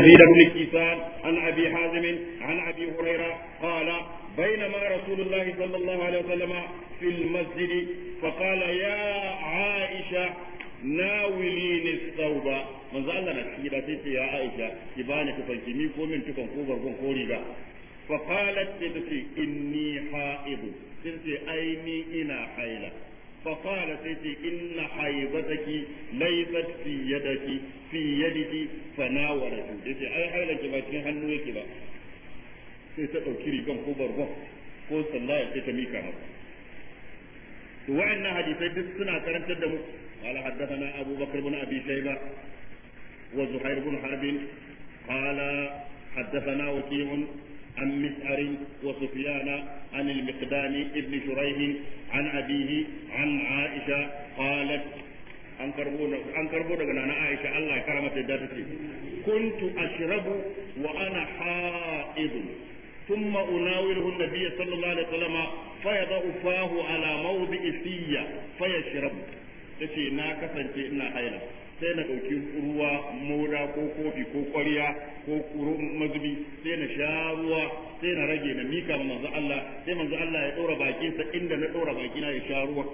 يزيد بن كيسان عن أبي حازم عن أبي هريرة قال بينما رسول الله صلى الله عليه وسلم في المسجد فقال يا عائشة nawilini sauba manzo Allah na ciki da sai ce ya Aisha ki bani tufan ki mi ko min tufan ko barkon ko riga fa qalat ta فقال سيتي إن حيضتك ليست في يدك في يدك فناولت يتي أي حالة كما كباتي هنوي كبا سيتقو كيري كم خبر بخ قول صلى الله عليه وسلم وعن حديثي دي سنة كرمت الدم قال حدثنا أبو بكر بن أبي شيبة وزحير بن حرب قال حدثنا وكيم عن مسعر وسفيان عن المقدام ابن شريح عن أبيه عن عائشة قالت an karbo daga nana Aisha Allah ya karamata da take kuntu ashrabu wa ana haidun ثم أناوله النبي صلى الله عليه وسلم فيضع فاه على موضع سية فيشرب تشي نا كسنتي إنا حيلا sai na ɗauki ruwa moda ko kofi ko ƙwarya ko mazubi sai na sha ruwa sai na rage na mika manzo Allah sai manzo Allah ya ɗora bakinsa inda na ɗora bakina ya sha ruwa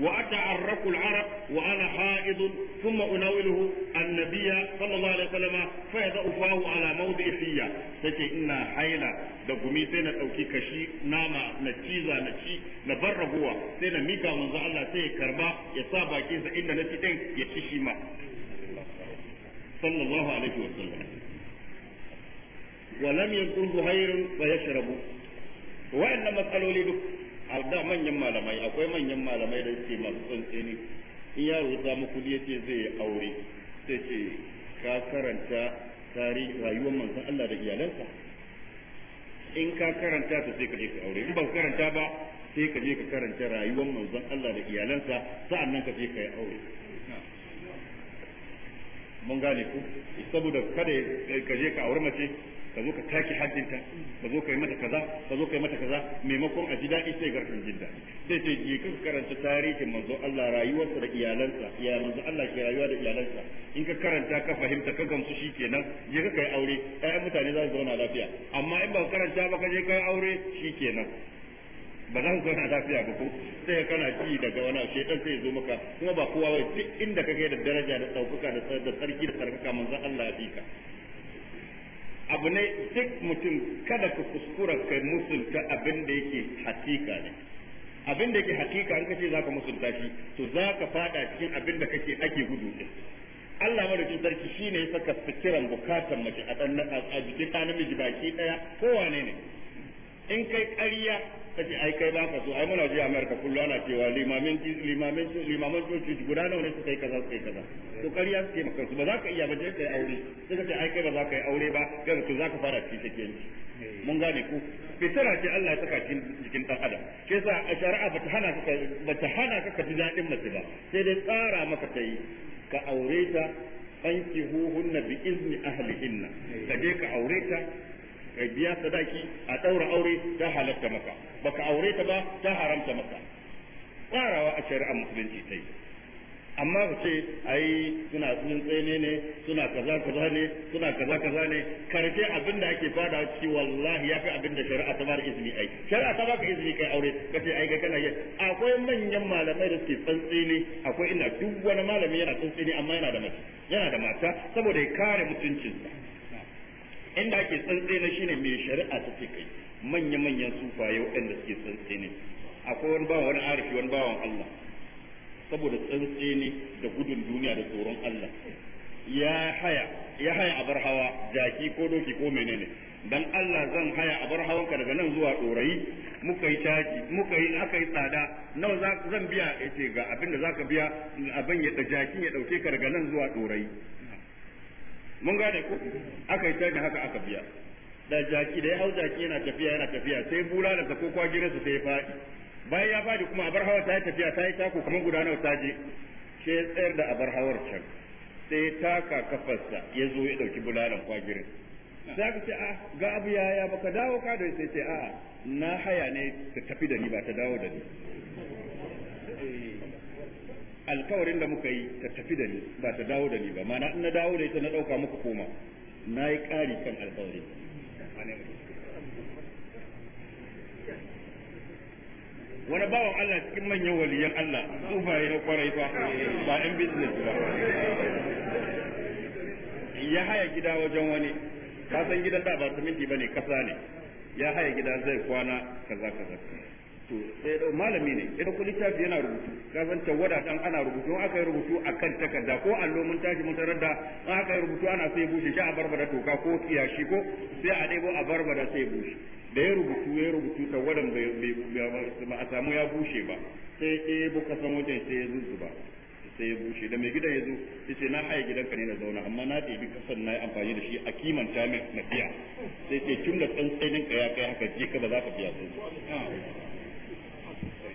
وأتعرف العرب وأنا حائض ثم أناوله النبي صلى الله عليه وسلم فيضع فاه على موضع فيا تجي إنا حيلة da gumi sai na ɗauki kashi nama na ciza na ci na bar raguwa sai na mika manzo Allah sai ya karba ya sa bakinsa inda na ci ɗin ya ci shi ma sallallahu alaihi wa wa matsaloli duk da manyan malamai akwai manyan malamai da suke masu tsantseni in yaro ya samu kudi ya ce zai aure sai ce ka karanta tarihi rayuwar manzon Allah da iyalansa in ka karanta ta sai ka je ka aure in ba ka karanta ba sai ka je ka karanta rayuwar manzon Allah da iyalansa sa'annan ka je ka yi aure mun gane ku saboda kada ka je ka aure mace ka zo ka take haddinta ka zo ka yi mata kaza ka zo ka yi mata kaza maimakon a ji daɗi sai garfin jidda daɗi sai ce je ka karanta tarihin manzo Allah rayuwarsa da iyalansa ya manzo Allah ke rayuwa da iyalansa in ka karanta ka fahimta ka gamsu shikenan je ka kai aure ɗayan mutane za su zauna lafiya amma in ba karanta ba ka je kai aure shikenan ba za su zauna lafiya ba ko sai kana ji daga wani abu sai zo maka kuma ba kowa ba duk inda kake da daraja da ɗaukaka da tsarki da tsarkaka manzo Allah ya fi ka abu ne duk mutum kada ka kuskura kai musulta abin da yake hakika ne abin da yake hakika an kace zaka musulta shi to zaka fada cikin abin da kake ake gudu din Allah madaukin sarki shine ya saka fikiran bukatan mace a dan a jikin namiji baki daya kowane ne in kai ƙarya kace ai kai baka so ai muna je America kullu ana cewa limamin limamin limamin coci guda nawa ne suka yi kaza suka yi kaza to ƙarya suke maka su ba za ka iya ba je kai aure sai kace ai kai ba za ka yi aure ba kai to za ka fara ci take ni mun gane ku fitara ce Allah ya saka cikin jikin dan adam sai sa a shari'a ta hana ka ba ta hana ka ji dadin mace ba sai dai tsara maka ta ka aure ta fankihuhunna bi izni ahlihinna ka je ka aure ta ka biya sadaki a ɗaura aure ta halatta maka baka aure ta ba ta haramta maka farawa a shari'ar musulunci ta yi amma ku ce ai suna sun tsene ne suna kaza kaza ne suna kaza kaza ne karfe abin ake fada ci wallahi yafi abin da shari'a ta bar izini ai shari'a ta baka izini kai aure kace ai ga kana yi akwai manyan malamai da suke tsantsene akwai ina duk wani malami yana tsantsene amma yana da mace yana da mata saboda ya kare mutuncinsa inda ake tsantsene shine mai shari'a ta ce kai manya manyan sufaye waɗanda suke tsantsene akwai wani bawan wani arifi wani bawan Allah saboda tsantsene da gudun duniya da tsoron Allah ya haya ya haya abar hawa jaki ko doki ko menene dan Allah zan haya abar hawan ka daga nan zuwa dorayi muka yi taji muka yi aka yi tsada nawa za zan biya yace ga abin da zaka biya abin ya da jakin ya dauke ka daga nan zuwa dorayi mun gane ko aka yi da haka aka biya da jaki da ya hau jaki yana tafiya yana tafiya sai da ko su sai ya faɗi bayan ya faɗi kuma abar hawa ta yi tafiya ta yi tako kamar gudanar ta je sai tsayar da abar hawar can sai ya taka kafarsa ya zo ya ɗauki bulalar kwagirin sai aka ce a ah, ga abu ya ya baka dawo ka da sai ce a ah, na haya ne ta tafi da ni ba ta dawo da ni alkawarin da muka yi ta tafi da ni ba ta dawo da ni ba mana in na dawo da ita na dauka muku koma na yi ƙari kan alkawari wani bawan Allah cikin manyan waliyan Allah tsufaye na kwarai fa ba ɗan business ba ya haya gida wajen wani kasan gidan da ba siminti ba ne kasa ne ya haya gida zai kwana kaza kaza to eh, eh, malami ne idan ko littafi yana rubutu ka san tawada dan ana rubutu in aka yi rubutu akan takarda ko allo mun tashi mun tarar da in aka yi rubutu ana sai bushe shi a barbada toka ko kiyashi ko sai a ɗebo a barbada sai bushe da ya rubutu ya rubutu tawadan ba a samu ya bushe ba sai ɗebo kasan wajen sai ya ba sai ya bushe da mai gidan ya zo ya ce na haye gidan ka ne na zauna amma na ɗebi kasan na yi amfani da shi a kimanta min na biya sai ce tun da tsantsainin ka ya kai haka je ka ba za ka biya sai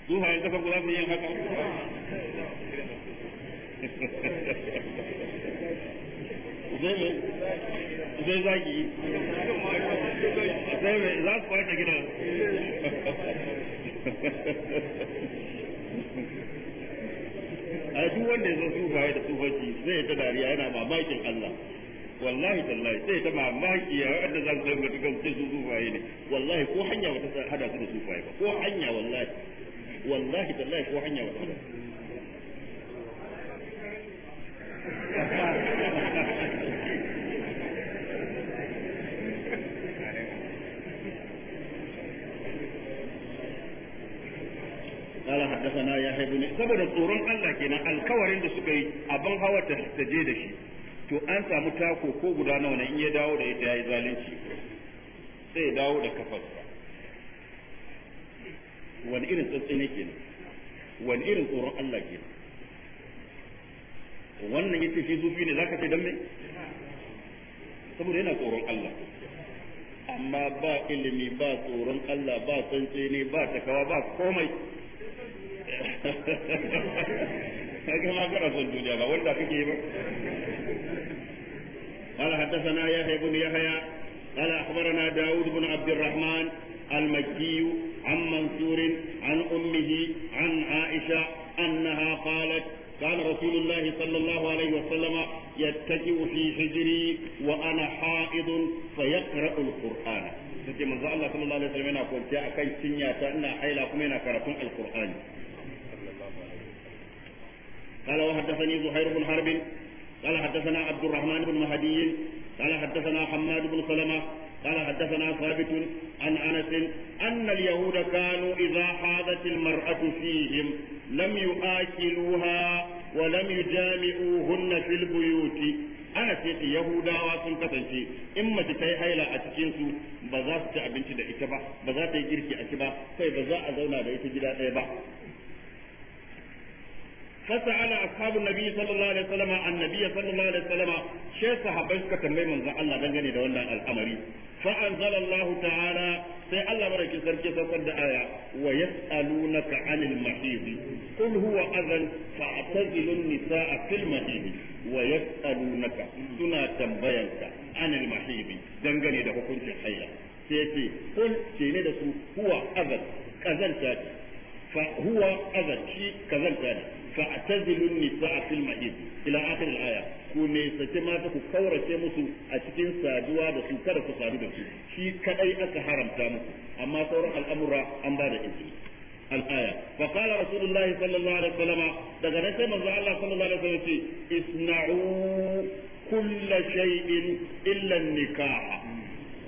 duhayen kasar ku za su yi haka zai zagi zai mai za su a duk wanda ya zo sufaye da zai ta dariya yana mamakin Allah wallahi tallahi sai ta mamaki ya wanda kan su sufaye ne wallahi ko hanya wata hada su da sufaye ba ko hanya wallahi wallahi tallahi ko hanya ba قال saboda tsoron Allah kenan alkawarin da suka yi abin hawa ta je da shi to an samu tako ko guda nawa ne in ya dawo da ita yayi zalunci sai ya dawo da kafar wani irin tsantsi ke kenan wani irin tsoron Allah ke kenan wannan yace shi sufi ne zaka ce dan me saboda yana tsoron Allah amma ba ilimi ba tsoron Allah ba tsantsi ne ba takawa ba komai kaga ma kana son duniya ba wanda kake yi ba قال حدثنا يحيى بن يحيى قال اخبرنا داود بن عبد الرحمن المكي عن منصور عن أمه عن عائشة أنها قالت كان رسول الله صلى الله عليه وسلم يتكئ في حجري وأنا حائض فيقرأ القرآن sai manzo Allah sallallahu alaihi wasallam yana kwanciya akan cinya ta ina haila kuma yana karatun alqur'ani قال وحدثني زهير بن حرب قال حدثنا عبد الرحمن بن مهدي قال حدثنا حماد بن سلمة قال حدثنا ثابت عن أنس أن اليهود كانوا إذا حاضت المرأة فيهم لم يآكلوها ولم يجامعوهن في البيوت ana ce ce yahudawa sun kasance in mace ta yi haila a cikin su ba za su ci abinci da ita ba ba za ta yi girki a ci ba sai ba za a zauna da ita gida ɗaya ba فسأل أصحاب النبي صلى الله عليه وسلم عن النبي صلى الله عليه وسلم شيء صحابي suka tambayi manzon Allah dangane da wannan al'amari فأنزل الله تعالى سي الله مرك سرك سوكر آية ويسألونك عن المحيض قل هو أذن فاعتزلوا النساء في المحيض ويسألونك سنة تنبينك عن المحيض دنجني ده كنت حيا سيتي قل سيني ده هو أذن أذن تاتي فهو أذى شيء كذلك فاعتزلوا النساء في المحيط إلى آخر الآية ku nisace mata ku kaurace musu a cikin saduwa da su kada ku sadu da su shi kaɗai aka haramta musu amma sauran al'amura an ba da الآية فقال رسول الله صلى الله عليه وسلم daga nan sai manzo Allah sallallahu alaihi wasallam ce isna'u kull shay'in illa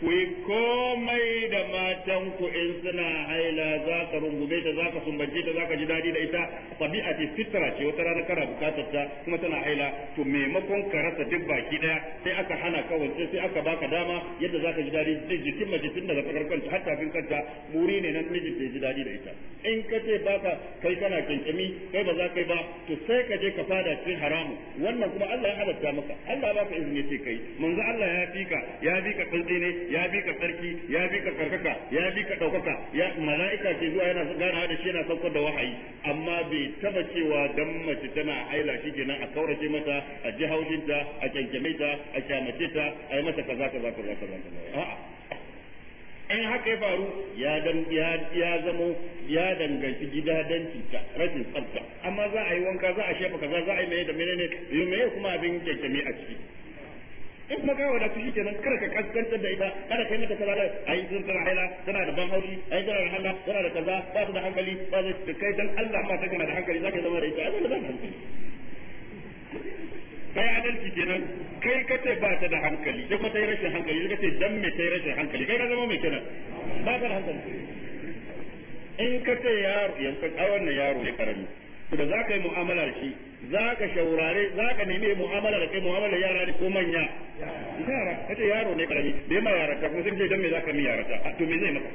ku yi komai da matan ku in suna haila za ka rungume ta za ka sumbace ta za ka ji daɗi da ita tabi'a ce fitra ce wata rana kana bukatar ta kuma tana haila to maimakon ka rasa duk baki daya sai aka hana ka wance sai aka baka dama yadda za ka ji daɗi da jikin mace tun daga tsakar kanta har tafin kanta muri ne nan mijin da ji daɗi da ita in ka ce baka kai kana kinkimi kai ba za kai ba to sai ka je ka fada cikin haramu wannan kuma Allah ya halatta maka Allah ba ka izini ce kai manzo Allah ya fika ya fika tsantsi ne ya bi ka sarki ya bi ka karkaka ya bi ka daukaka ya mala'ika ke zuwa yana gana da shi yana saukar da wahayi amma bai taba cewa dan mace tana aila shi kenan a kaurace mata a ji haushinta a kyankyame a kyamace ta a yi mata kaza kaza kaza kaza a'a in haka ya faru ya dan ya zamo ya danganci gida danci ta rashin tsafta amma za a yi wanka za a shafa kaza za a yi mai da menene yume kuma abin kyankyame a ciki in ka ga wadatu shi kenan kada ka kaskantar da ita kada kai mata kaza ai sun tana haila tana da ban haushi ai tana da hanga tana da kaza ba ta da hankali ba ta kai dan Allah ma ta kana da hankali zaka zama da ita ai da hankali kai adalci kenan kai ka ce ba ta da hankali sai ta yi rashin hankali sai ta ce dan me ta yi rashin hankali kai na zama mai kenan ba ta da hankali in ka ce yaro yanzu a wannan yaro ne karami to da za ka yi mu'amala da shi zaka ka shaurare za ka nemi mu'amala da kai mu'amala yara ne ko manya yara kace yaro ne karami da ma yara ta kuma sai ce dan me zaka mi yara ta to me zai maka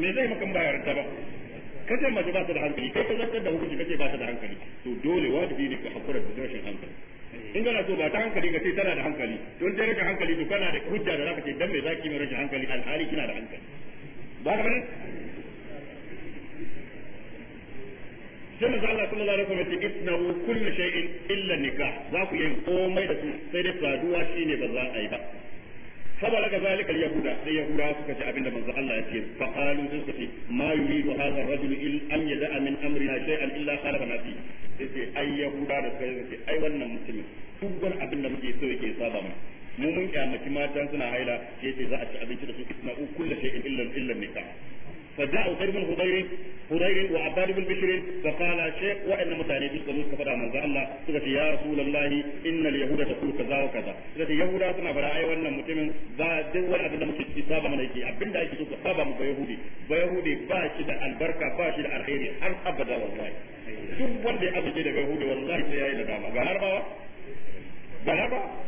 me zai maka ba yara ta ba kace mace ba ta da hankali kai ka zartar da hukunci kace ba ta da hankali to dole wajibi ne ka hakura da rashin hankali in kana so ba ta hankali ka ce tana da hankali to in rashin hankali to kana da hujja da zaka ce dan me zaki mi rashin hankali alhali kina da hankali ba ka sai manzo Allah sallallahu alaihi wasallam ya ce itnahu kullu shay'in illa nikah za ku yi komai da su sai dai saduwa shine ba za a yi ba saboda ga zalikar yahuda sai yahuda suka ce abinda manzo Allah ya ce fa qalu sun ce ma yuridu hadha ar-rajulu il an yada'a min amrina shay'an illa khalaqana fi sai ai yahuda da sai ce ai wannan mutumin duk wani abin da muke so yake saba mu mu mun kyamaci matan suna haila yace za a ci abinci da su isma'u kullu shay'in illa illa nikah فجاءوا خير من هدير هدير وعباد بن بشر فقال شيخ وان متاني في قبول كفر من الله سكت يا رسول الله ان اليهود تقول كذا وكذا سكت يهودا سنا فدا اي wannan mutumin ba duk wani abin da muke ci saba mana yake abin da ake so saba mu ba yahudi ba yahudi ba da albarka ba da alheri har abada wallahi duk wanda ya abuce da yahudi wallahi sai yayi ba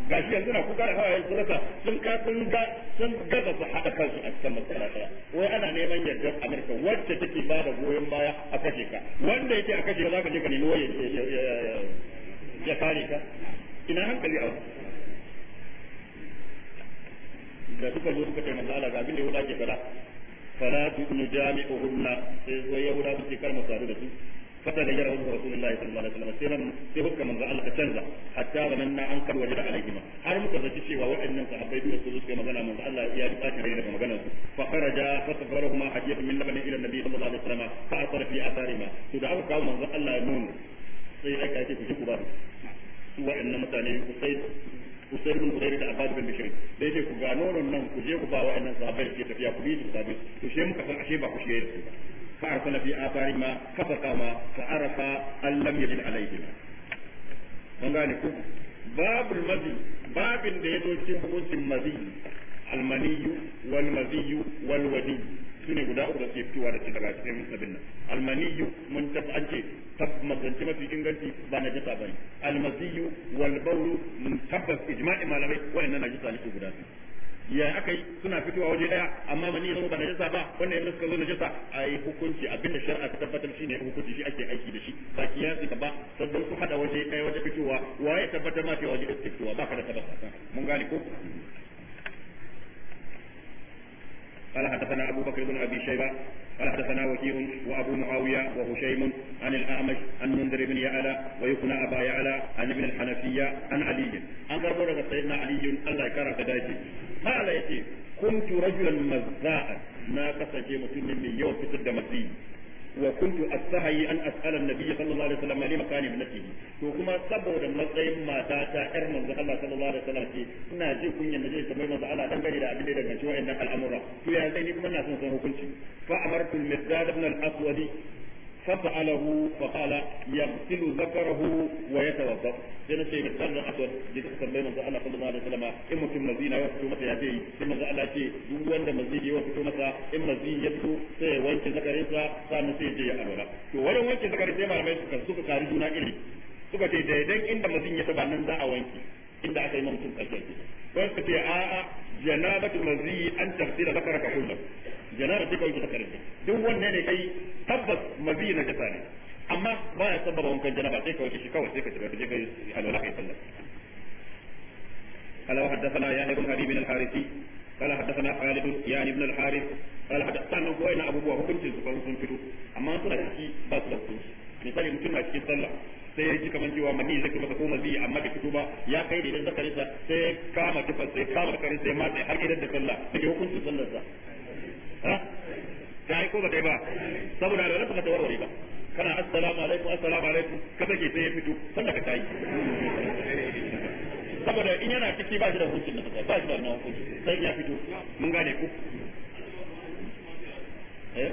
ga shi yanzu na kuka da hawaye sunaka sun ka sun ga sun gaba su haɗa kansu a cikin matsala ɗaya wai ana neman yardar amurka wacce take ba da goyon baya a kashe ka wanda yake a kashe za ka je ka nemi wayan ya kare ka ina hankali a da suka zo suka ce manzala ga abin da yahuda ke fada fara tu nu jami'uhunna sai zo yahuda suke karma sadu da su kada da yarawun rasulullahi sallallahu alaihi wasallam sai hukka manzo Allah canza hatta zananna an kan wajada alaihima har muka zaci cewa waɗannan sahabbai duk su suka magana manzo Allah ya ji bacin rai daga maganar su fa kharaja fa tabarahuma hadiyatan min labani ila nabi sallallahu alaihi wasallam fa asara fi atharima to da aka kawo manzo Allah ya nuna sai aka ce ku ji ku ba su mutane ku sai Usaid bin Usaid da Abbas bin Bishr da yake ku ga nonon nan ku je ku ba wa'annan sahabbai ke tafiya ku bi su to muka san ashe ba ku shi ba فأرسل في آثارهما فسقاما فعرف أن لم يجد عليهما فنغانكم باب المزي باب دينو تنبوس المزي المني والمزي والودي sune guda uku da suke fitowa da daga cikin musabin nan almaniyu mun tafi an ce magance mafi inganci ba na jisa ba ne almaziyu wal bawlu mun tabbas ijma'i malamai wayannan na jisa ne guda biyu ya aka yi suna fitowa waje daya amma mani ya ba najasa ba suka zo najasa a yi hukunci abinda shari'a ta tabbatar shi ne hukunci shi ake aiki da shi ba ki yasi ba sannan ku hada waje daya waje fitowa waye tabbatar ma cewa waje daya fitowa ba ka da tabbata mun gane ko قال حدثنا أبو بكر بن أبي شيبة قال حدثنا وكيع وهشيم عن عن منذر بن يعلى ويقنى يعلى عن ابن عن علي. سيدنا علي الله kala yace kuntu rajulan mazza'an na kasance mutumin mai yawan fitar da matsi wa kuntu astahi an as'ala an-nabiy sallallahu alaihi wasallam li makani ibnatihi to kuma saboda matsayin mata ta yar manzo Allah sallallahu alaihi wasallam ce ina ji kunyan nabi kamar manzo Allah dan gari da abin da daga cikin wannan al'amura to ya sai ni kuma na son hukunci fa amartu al-miqdad ibn al-aswadi ففعله فقال يغسل ذكره ويتوضا سنة شيء مثال أسود جيت تسمي من الله صلى الله عليه وسلم إما في المزينة يوفتو متى يدي إما زعل شيء دوان مزينة يوفتو متى إما زي يبتو سي وانك ذكريسا سامن سي جي ألولا تو ولو وانك ذكريسا ما رميت كسوك خارجونا إلي suka ce daidai inda mazin ya taba nan za a wanki inda aka yi mamcin tsakiyar wani suka ce a'a janabatu mazi an tafsira zakaraka kullu janabatu kai ta karbi duk wanne ne kai tabbas mazi na jasa ne amma ba ya sababa wankan janaba sai ka wuce shi kawai sai ka shiga ka je ka yi alwala kai sallah قال وحدثنا يا ابن حبيب الحارثي قال حدثنا خالد يعني ابن الحارث قال حدثنا هو ان ابو بكر كنت سكون سنفتو اما سنه شي بس بس مثالي ممكن ما تشي صلاه sai ya ji kamar mani zai masa ko mazi amma da fito ba ya kai da idan sa sai kama tufar sai kama zakarin sai ya matsa har idan da sallah sai hukunci sallar sa ta yi ko ba ta ba saboda da wani ta warware ba kana assalamu alaikum assalamu alaikum ka take sai ya fito sallar ka ta yi saboda in yana ciki ba shi da hukuncin da ba shi da hukunci sai ya fito mun gane ku eh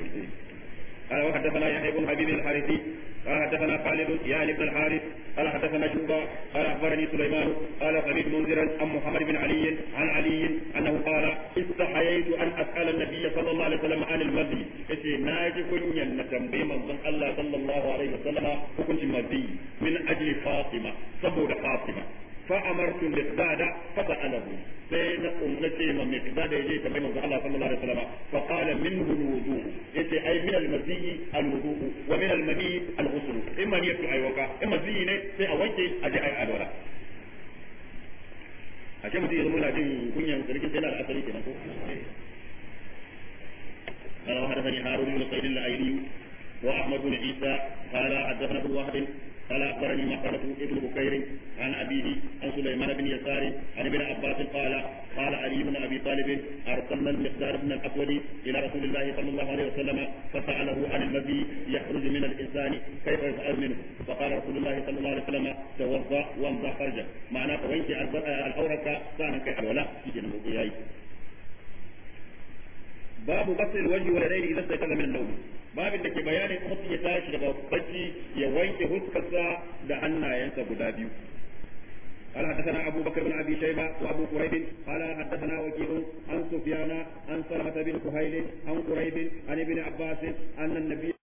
قال وحدثنا يحيى بن حبيب الحارثي قال حدثنا خالد يعني بن الحارث قال حدثنا جوبا قال اخبرني سليمان قال خليل منذرا عن محمد بن علي عن علي انه قال استحييت ان اسال النبي صلى الله عليه وسلم عن المذي يتي ناجي كنيا نتنبي من الله صلى الله عليه وسلم وكنت مذي من اجل فاطمه صبور فاطمه فأمرت المقداد فسأله سيدنا أمتي من مقداد يجي تبين الله صلى الله عليه وسلم فقال منه الوضوء yace ai min al-mazi al-wudu wa min al-mani al-ghusl imma ay waka imma zi ne sai a wanke a je ai alwala a ce mutum ya zama yana jin kunyan sarkin sai na al'asari kenan ko قال وحدثني هارون بن سعيد الايلي واحمد بن عيسى قال حدثنا ابو قال اخبرني قاله ابن بكير عن ابيه عن سليمان بن يسار عن ابن عباس قال قال علي بن ابي طالب ارسلنا المقدار بن الاسود الى رسول الله صلى الله عليه وسلم فساله عن الذي يخرج من الانسان كيف يفعل منه فقال رسول الله صلى الله عليه وسلم توضا وامضى خرجا معناه وانت العورك كان كحل ولا باب غسل الوجه واليدين اذا استيقظ من النوم babin da ke bayanin mutum ya tashi daga bacci ya wanke huskarsa da hannayensa guda biyu قال حدثنا أبو بكر بن أبي شيبة وأبو قريب قال حدثنا وكيل عن سفيان عن سلمة بن كهيل عن قريب عن ابن عباس أن النبي